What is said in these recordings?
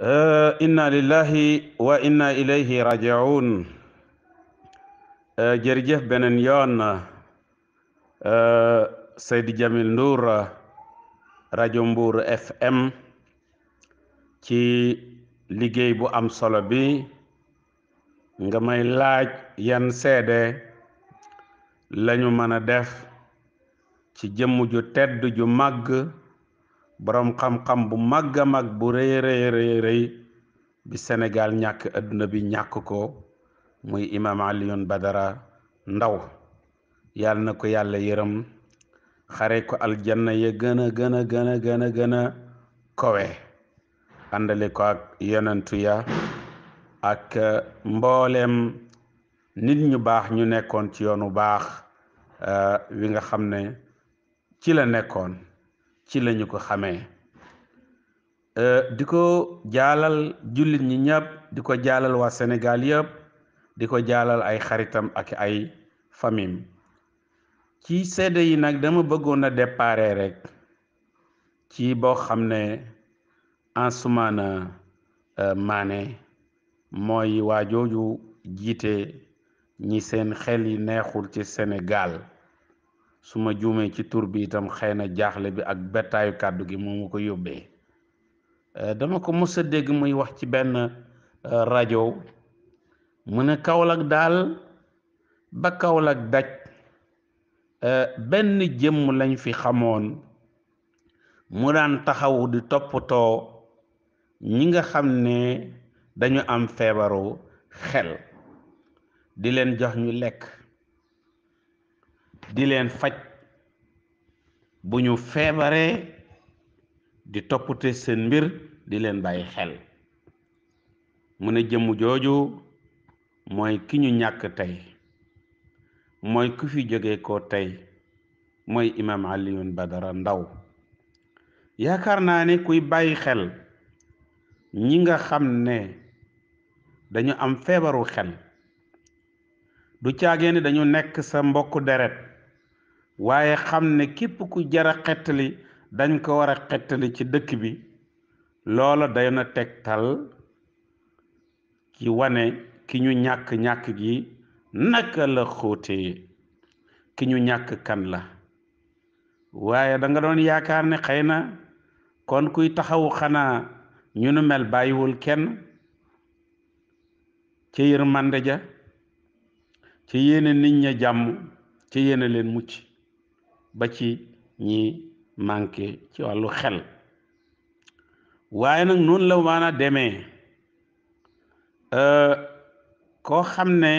Eh, inna lillahi wa inna ilayhi rajiun eh, jërëjëf beneen yoon eh, Seydi Jamil Ndour rajo Mbour FM ci liggéey bu am solo bi nga may laaj yan seede lañu mën a def ci jëmm ju tedd ju màgg boroom xam-xam bu màgg mag bu rëy rëy rëy bi Sénégal ñàkk adduna bi ñàkk ko muy imaam ba dara Ndaw yàlla na ko yàlla yërëm xare ko aljanna ya gën a gën a gën gën a gën a kowe àndale ko ak yonentu ya ak uh, mbooleem nit ñu baax ñu nekkoon ci yoonu baax uh, wi nga xam ne ci la nekkoon ci lañu ko xamee euh, di ko jaalal jullit ñi ñëpp di ko jaalal waa Sénégal yëpp di ko jaalal ay xaritam ak ay famim ci seede yi nag dama bëggoon a dépare rek ci boo xam ne Ansoumana euh, Mané mooy waa jooju jiite ñi seen xel yi neexul ci Sénégal su ma juumee ci tur bi itam xëy na jaaxle bi ak bettaayu kàddu gi moo ma ko yóbbee euh, dama ko mës a dégg muy wax ci benn euh, rajo mu ne Kaolack daal ba Kaolack daj euh, benn jëmm lañu fi xamoon mu daan taxaw di toppatoo ñi nga xam ne dañu am feebaru xel di leen jox ñu lekk di leen faj bu ñu feebaree di toppate seen mbir di leen bàyyi xel mu ne jëmm jooju mooy ki ñu ñàkk tey mooy ku fi jóge ko tey mooy imaam ba dara Ndaw yaakaar naa ne kuy bàyyi xel ñi nga xam ne dañu am feebaru xel du caagee ne dañu nekk sa mbokku deret waaye xam ne képp ku jar a xettali dañ ko war a xettali ci dëkk bi loola day na tegtal ci wane ki ñu ñàkk ñàkk gi naka la xóotee ki ñu ñàkk kan la waaye danga doon yaakaar ne xëy na kon kuy taxawu xanaa ñu nu mel bàyyiwul kenn ci yërmande ja ci yéene nit ña jàmm ci yéene leen mucc ba ci ñi manqué ci wàllu xel waaye nag noonu la mën a demee euh, koo xam ne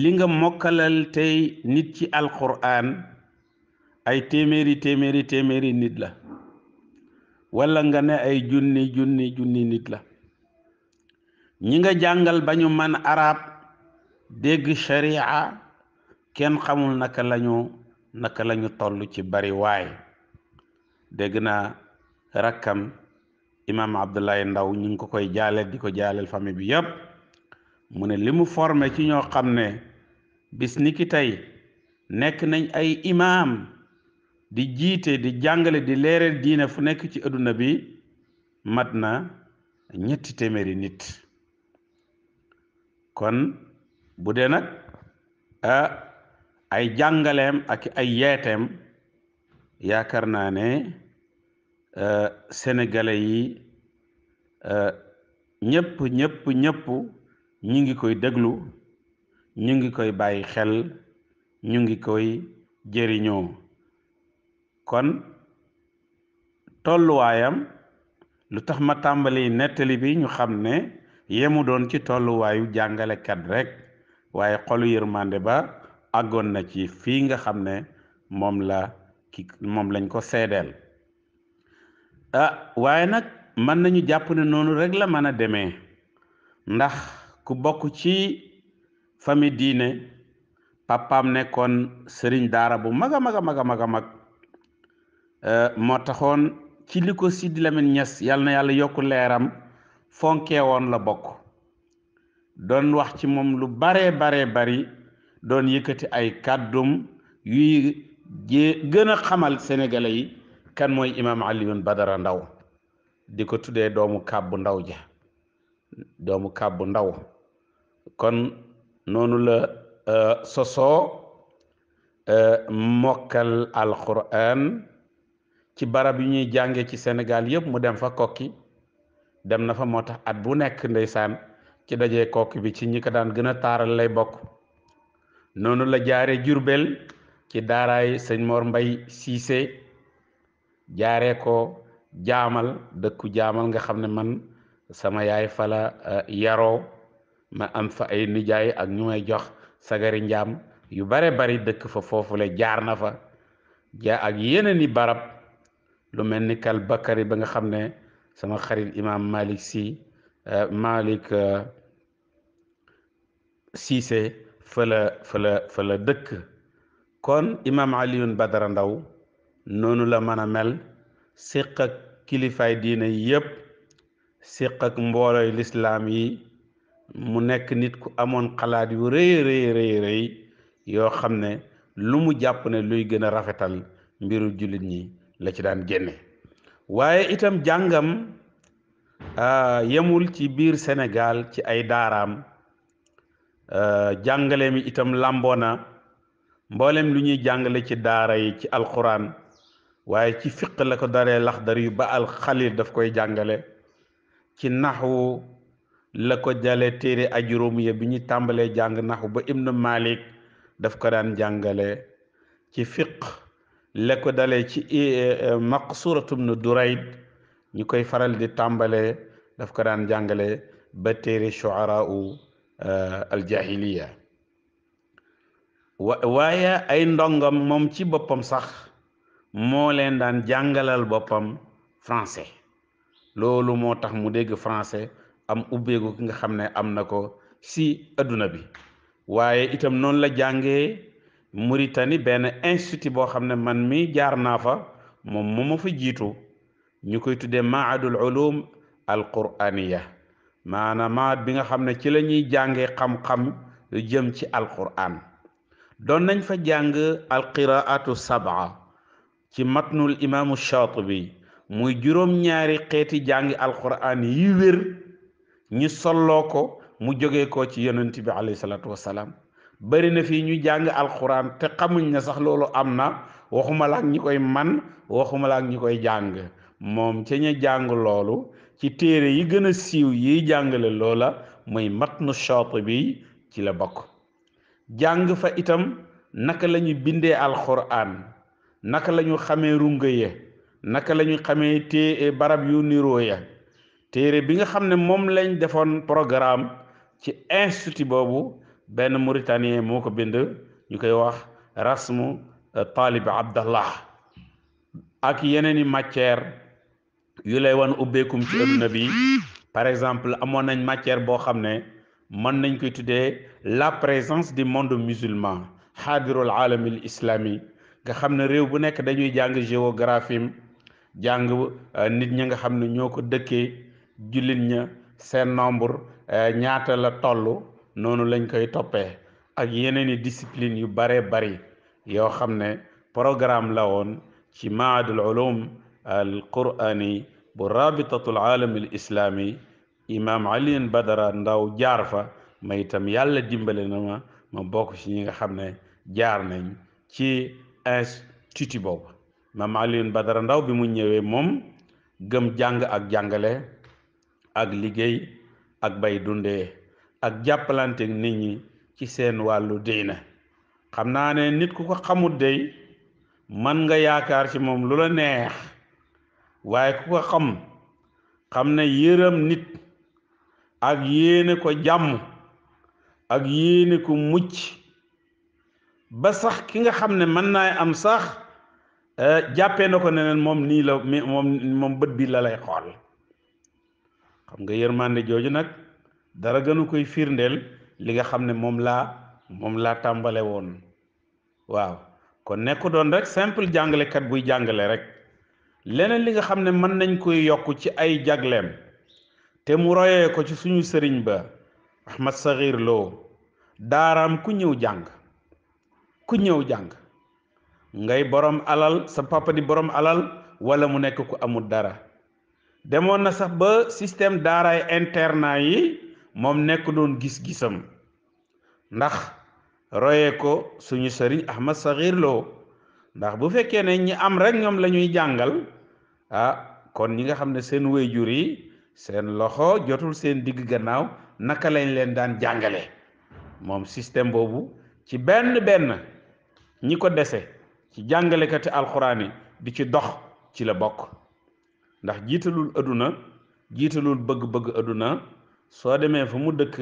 li nga mokkalal tey nit ci alquran ay téeméeri téeméeri nit la wala nga ne ay junni junni junni nit la ñi nga jàngal ba ñu man arab dégg sharia kenn xamul naka lañu naka lañu tollu ci bari waay dégg naa rakkam imaam Abdoulaye Ndaw ñu ngi ko koy jaaleel di ko jaaleel famille bi yépp mu ne limu mu ci ñoo xam ne bis ni ki tey nekk nañ ay imaam di jiite di jàngale di leereel diine fu nekk ci adduna bi mat na ñetti téeméeri nit kon bu dee nag ah, ay jàngaleem ak ay yeeteem yaakaar naa ne euh, senegale yi euh, ñëpp ñëpp ñëpp ñu ngi koy déglu ñu ngi koy bàyyi xel ñu ngi koy jëriñoo kon tolluwaayam lu tax ma tàmbali nettali bi ñu xam ne yemu doon ci tolluwaayu jàngalekat rek waaye xolu yërmande ba àggoon na ci fii nga xam ne moom la ki moom lañ ko seedeel ah waaye nag mën nañu jàpp ne noonu rek la mën a demee ndax ku bokk ci famille diine papaam nekkoon sëriñ daara bu mag a mag a mag a mag a eh, moo taxoon ci li ko Sidi Lamine Niass yàlla na yàlla yokk leeram fonkee woon la bokk doon wax ci moom lu baree baree bari doon yëkkati ay kàddum yuy gën a xamal sénégalais yi kan mooy imaam Alioune Badara ndaw di ko tuddee doomu kàbbu ndaw ja doomu kàbbu ndaw kon noonu la euh, sosoo euh, mokkal alquran ci barab yu ñuy jànge ci Sénégal yëpp mu dem fa kokki dem na fa moo tax at bu nekk ndeysaan ci dajee kokki bi ci ñi ko daan gën a taaral lay bokk noonu la jaare Jurbel ci daaray sëñ Mor Mbay Siise jaare ko jaamal dëkku jaamal nga xam ne man sama yaay fala eh, yaroo ma am fa ay nijaay ak ñu may jox sagari njaam yu bare bari dëkk fa foofule jaar na fa ja ak yeneen i barab lu mel ni kal Bakari ba nga xam ne sama xarit imaam Malik si eh, Malik eh, Siise fa la fa la fa la dëkk kon imaam Alioune Badara ndaw noonu la mën a mel séq ak kilifaay diine yépp séq ak mboolooy lislaam yi mu nekk nit ku amoon xalaat yu rëy rëy rëy yoo xam ne lu mu jàpp ne luy gën a rafetal mbiru jullit ñi la ci daan génne waaye itam jàngam ah, yemul ci biir Sénégal ci ay daaraam Euh, jàngale mi itam làmboona mboolem lu ñuy jàngale ci daara yi ci alquran waaye ci fiq la ko daree laxdar yu ba alxalil daf koy jàngale ci naxwu la ko jale téere ajuróom ya bi ñuy tàmbalee jàng naxu ba ibnu malik daf ko daan jàngale ci fiq lekko dale ci ci e, e, e, maqsuratum nu durayd ñu koy faral di tàmbale daf ko daan jàngale ba téere shuaraa aljahiliya waaye ay ndongam moom ci boppam sax moo leen daan jàngalal boppam français loolu moo tax mu dégg français am ubbeeku ki nga xam ne am na ko si adduna bi waaye itam noonu la jànge muritani benn institut boo xam ne man mi jaar naa fa moom moo ma jiitu ñu koy tuddee maadul ulum al quraniya maanaam bi nga xam ne ci lañuy jànge jàngee xam-xam lu jëm ci alquran doon nañ fa jàng alqiraatu sabaa ci matnul imaamu Shaatibi muy juróom-ñaari xeeti jàngi alquran yi wér ñu solloo ko mu jóge ko ci yonent bi alayhi salaatu wasalaam bari na fii ñu jàng alxuraan te xamuñ na sax loolu am na waxuma la ak ñi koy man waxuma la ñi koy jàng moom ca ña jàng loolu ci téere yi gën a siiw yiy jàngale loola muy matnu bi ci la bokk jàng fa itam naka la ñu bindee alxuraan naka lañu ñu xamee runga ya naka la ñu xamee té barab yu niroo ya téere bi nga xam ne moom lañ defoon programme ci institut boobu benn mauritanien moo ko bind ñu koy wax rasmu taalib abdallah ak yeneen i matière yu lay wan ubbeekum ci adduna bi par exemple amoon nañ matière boo xam ne mën nañ koy tuddee la présence du monde musulman xaadirul aalamil islami nga xam ne réew bu nekk dañuy jàng géographie jàng euh, nit ñi nga xam ne ñoo ko dëkkee jullit ña seen nombre euh, ñaata la toll noonu lañ koy toppee ak yeneen i discipline yu bare bari yoo xam ne programme la woon ci maadul ulum alqurani bu rabitatul aalami al islaami imaam Alioune Badara ndaw jaar fa ma itam yàlla dimbale na ma ma bokk ci ñi nga xam ne jaar nañ ci institut boobu imaam Alioune Badara Ndao bi mu ñëwee moom gëm jàng ak jàngale ak liggéey ak bay dundee ak jàppalante nit ñi ci seen wàllu diine xam naa ne nit ku ko xamut dey man nga yaakaar ci moom lu la neex waaye ku ko xam xam ne yërëm nit ak yéene ko jàmm ak yéene ko mucc ba sax ki nga xam ne mën naa am sax eh, jàppee na ko ne neen moom bët bi la lay xool xam nga yërmande jooju nag dara gënu koy firndeel li nga xam ne moom laa moom laa tàmbale woon waaw kon nekku doon rek simple jàngalekat buy jàngale rek leneen li nga xam ne mën nañ koy yokk ci ay jagleem te mu royee ko ci suñu sëriñ ba ahmad saxiir loo daaraam ku ñëw jàng ku ñëw jàng ngay boroom alal sa papa di borom alal wala mu nekk ku amul dara demoon na sax ba système daaraay internat yi moom nekk doon gis-gisam ndax royee ko suñu sëriñ ahmad saxiir loo ndax bu fekkee ne ñi am rek ñoom lañuy jàngal ah kon ñi nga xam ne seen wéyjur yi seen loxo jotul seen digg gannaaw naka lañ leen daan jàngale moom système boobu ci benn benn ñi ko dese ci jàngalekati alxuraan yi di ci dox ci la bokk ndax jiitalul adduna jiitalul bëgg-bëgg adduna soo demee fu mu dëkk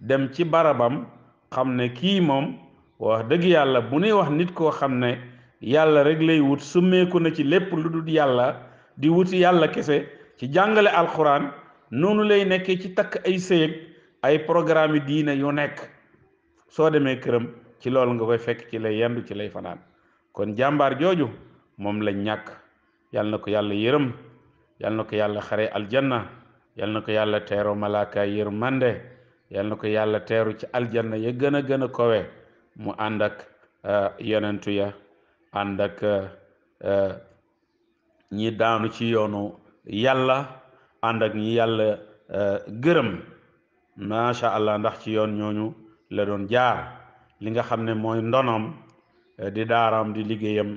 dem ci barabam xam ne kii moom wax dëgg yàlla bu nuy wax nit koo xam ne yàlla rek lay wut summeeku na ci lépp lu dul yàlla di wuti yàlla kese ci jàngale alxuraan noonu lay nekkee ci takk ay sëyëg ay programme diine yu nekk soo demee këram ci loolu nga koy fekk ci lay yendu ci lay fanaan kon jàmbaar jooju moom lañ ñàkk yal na ko yàlla yërëm yal na ko yàlla xare aljanna yal na ko yàlla teeru malaaka yërmande yal na ko yàlla teeru ci aljanna ya gën a gën a kowe mu ànd ak uh, yonentu ya ànd uh, uh, ñi daanu ci yoonu yàlla ànd ak ñi yàlla euh, gërëm macha allah ndax ci yoon ñooñu la doon jaar li nga xam ne mooy ndonoom euh, di daaraam di liggéeyam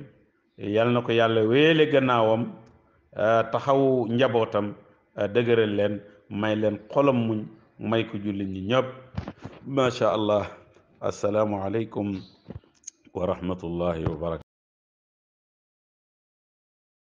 yal na ko yàlla wéele gannaawam euh, taxawu njabootam dëgëral leen may leen xolam muñ may ko jullit ñi ñëpp macha allah asalaamualeykum wa rahmatullahi wa